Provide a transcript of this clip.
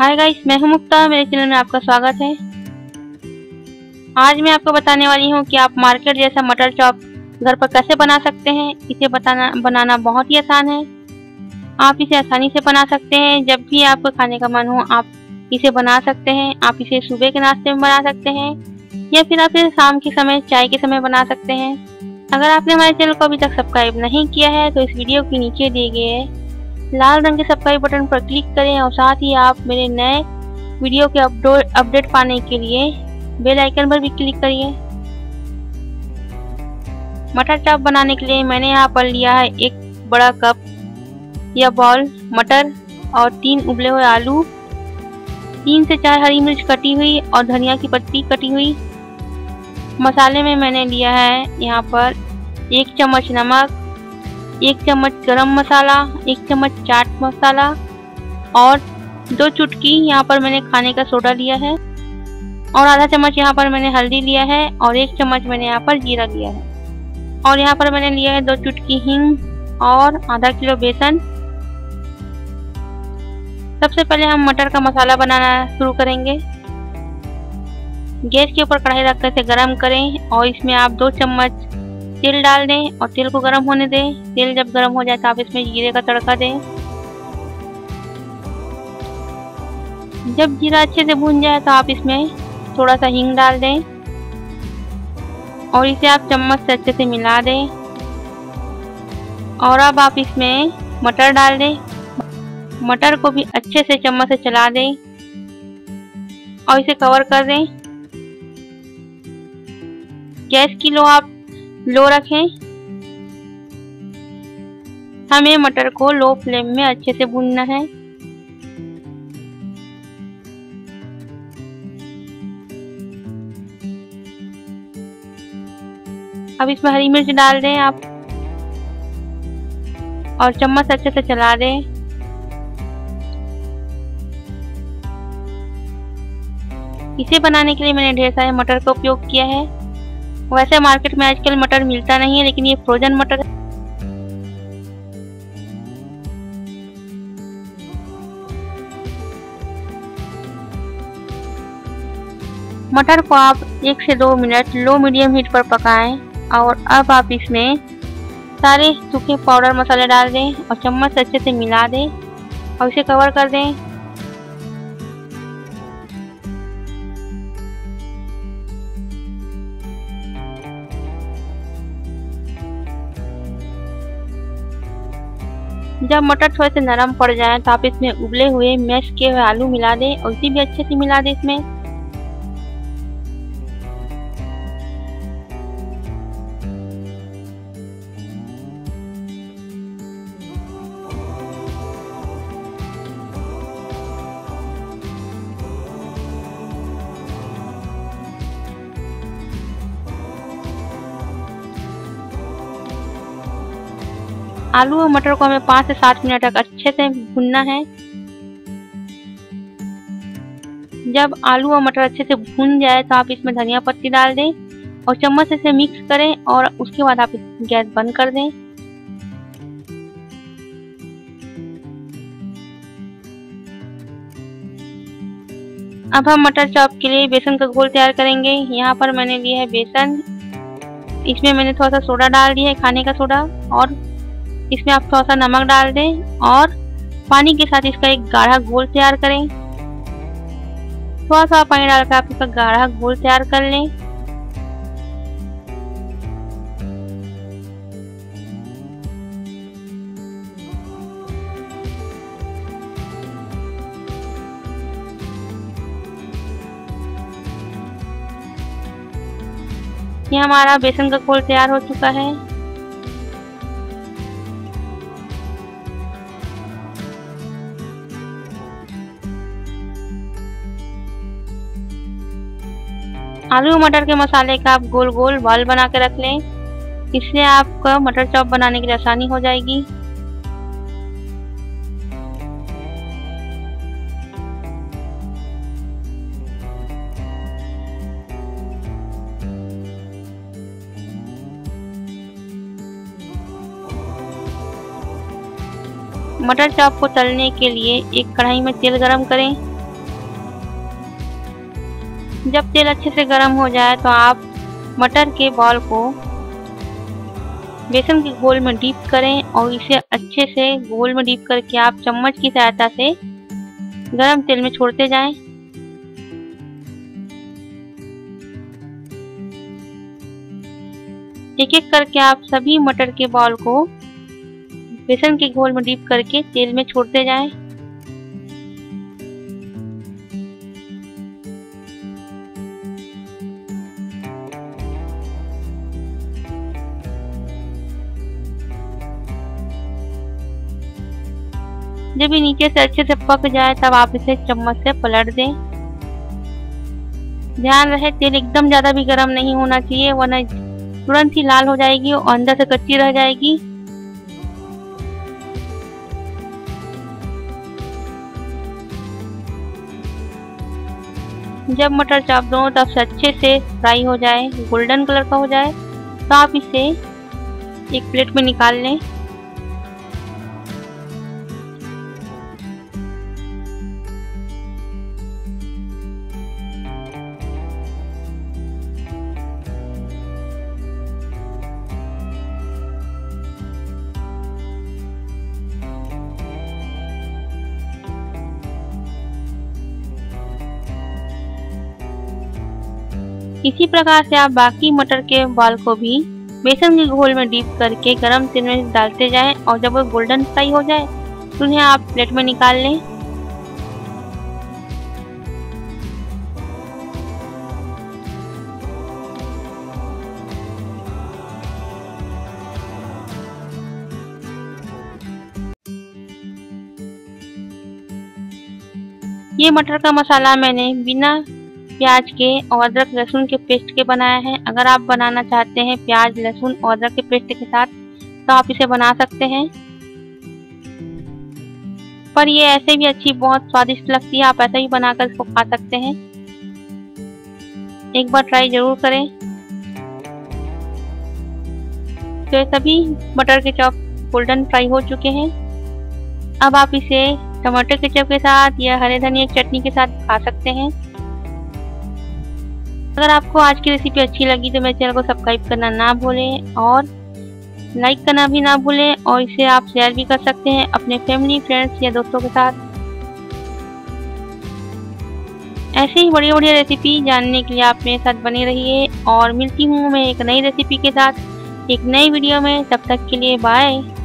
हाय guys मैं हूं मुक्ता मेरे चैनल में आपका स्वागत है आज मैं आपको बताने वाली हूं कि आप मार्केट जैसा मटर चॉप घर पर कैसे बना सकते हैं इसे बताना बनाना बहुत ही आसान है आप इसे आसानी से बना सकते हैं जब भी आपको खाने का मन हो आप इसे बना सकते हैं आप इसे सुबह के नाश्ते में बना सकते हैं या फिर आप इसे शाम के समय चाय के समय बना सकते हैं अगर आपने हमारे चैनल को अभी तक सब्सक्राइब नहीं किया है तो इस वीडियो के नीचे दिए गए लाल रंग के सब्सक्राइब बटन पर क्लिक करें और साथ ही आप मेरे नए वीडियो के अपडेट पाने के लिए बेल आइकन पर भी क्लिक करिए मटर चाप बनाने के लिए मैंने यहाँ पर लिया है एक बड़ा कप या बॉल मटर और तीन उबले हुए आलू तीन से चार हरी मिर्च कटी हुई और धनिया की पत्ती कटी हुई मसाले में मैंने लिया है यहाँ पर एक चम्मच नमक एक चम्मच गरम मसाला एक चम्मच चाट मसाला और दो चुटकी यहाँ पर मैंने खाने का सोडा लिया है और आधा चम्मच यहाँ पर मैंने हल्दी लिया है और एक चम्मच मैंने यहाँ पर जीरा लिया है और यहाँ पर मैंने लिया है दो चुटकी हिंग और आधा किलो बेसन सबसे पहले हम मटर का मसाला बनाना शुरू करेंगे गैस के ऊपर कढ़ाई रखकर इसे गरम गर्म करें और इसमें आप दो चम्मच तिल डाल दें और तिल को गर्म होने दें तिल जब गर्म हो जाए तो आप इसमें जीरे का तड़का दें जब जीरा अच्छे से भून जाए तो आप इसमें थोड़ा सा हींग डाल दें और इसे आप चम्मच से अच्छे से मिला दें और अब आप इसमें मटर डाल दें मटर को भी अच्छे से चम्मच से चला दें और इसे कवर कर दें गैस की लो आप लो रखें हमें मटर को लो फ्लेम में अच्छे से भूनना है अब इसमें हरी मिर्च डाल दें आप और चम्मच अच्छे से चला दें इसे बनाने के लिए मैंने ढेर सारे मटर का उपयोग किया है वैसे मार्केट में आजकल मटर मिलता नहीं है लेकिन ये फ्रोजन मटर है मटर को आप एक से दो मिनट लो मीडियम हीट पर पकाएं और अब आप इसमें सारे सूखे पाउडर मसाले डाल दें और चम्मच से अच्छे से मिला दें और इसे कवर कर दें जब मटर थोड़े से नरम पड़ जाए तो आप इसमें उबले हुए मैश किए हुए आलू मिला दें और इसी भी अच्छे से मिला दें इसमें आलू और मटर को हमें पाँच से सात मिनट तक अच्छे से भूनना है जब आलू और मटर अच्छे से भून जाए तो आप इसमें धनिया पत्ती डाल दें और चम्मच से इसे मिक्स करें और उसके बाद आप गैस बंद कर दें अब हम मटर चॉप के लिए बेसन का घोल तैयार करेंगे यहाँ पर मैंने लिया है बेसन इसमें मैंने थोड़ा सा सोडा डाल दिया है खाने का सोडा और इसमें आप थोड़ा सा नमक डाल दें और पानी के साथ इसका एक गाढ़ा घोल तैयार करें थोड़ा सा पानी डालकर आप इसका गाढ़ा घोल तैयार कर लें ये हमारा बेसन का घोल तैयार हो चुका है आलू मटर के मसाले का आप गोल गोल बॉल बना के रख लें इससे आपका मटर चॉप बनाने के लिए आसानी हो जाएगी मटर चॉप को तलने के लिए एक कढ़ाई में तेल गरम करें जब तेल अच्छे से गर्म हो जाए तो आप मटर के बॉल को बेसन के गोल में डीप करें और इसे अच्छे से गोल में डीप करके आप चम्मच की सहायता से गरम तेल में छोड़ते जाएं। एक एक करके आप सभी मटर के बॉल को बेसन के घोल में डीप करके तेल में छोड़ते जाएं। जब ये नीचे से अच्छे से पक जाए तब आप इसे चम्मच से पलट दें ध्यान रहे तेल एकदम ज़्यादा भी गर्म नहीं होना चाहिए वरना तुरंत ही लाल हो जाएगी और अंदर से कच्ची रह जाएगी जब मटर चाप दो तब से अच्छे से फ्राई हो जाए गोल्डन कलर का हो जाए तो आप इसे एक प्लेट में निकाल लें इसी प्रकार से आप बाकी मटर के बाल को भी बेसन के घोल में डीप करके गरम तेल में डालते जाएं और जब वो गोल्डन फ्राई हो जाए तो उन्हें आप प्लेट में निकाल लें ये मटर का मसाला मैंने बिना प्याज के और अदरक लहसुन के पेस्ट के बनाया है अगर आप बनाना चाहते हैं प्याज लहसुन और अदरक के पेस्ट के साथ तो आप इसे बना सकते हैं पर ये ऐसे भी अच्छी बहुत स्वादिष्ट लगती है आप ऐसे ही बनाकर इसको खा सकते हैं एक बार ट्राई जरूर करें तो ये सभी बटर के चॉप गोल्डन फ्राई हो चुके हैं अब आप इसे टमाटर के चॉप के साथ या हरे धनिया की चटनी के साथ खा सकते हैं अगर आपको आज की रेसिपी अच्छी लगी तो मेरे चैनल को सब्सक्राइब करना ना भूलें और लाइक करना भी ना भूलें और इसे आप शेयर भी कर सकते हैं अपने फैमिली फ्रेंड्स या दोस्तों के साथ ऐसे ही बढ़िया बढ़िया रेसिपी जानने के लिए आप मेरे साथ बने रहिए और मिलती हूँ मैं एक नई रेसिपी के साथ एक नई वीडियो में तब तक के लिए बाय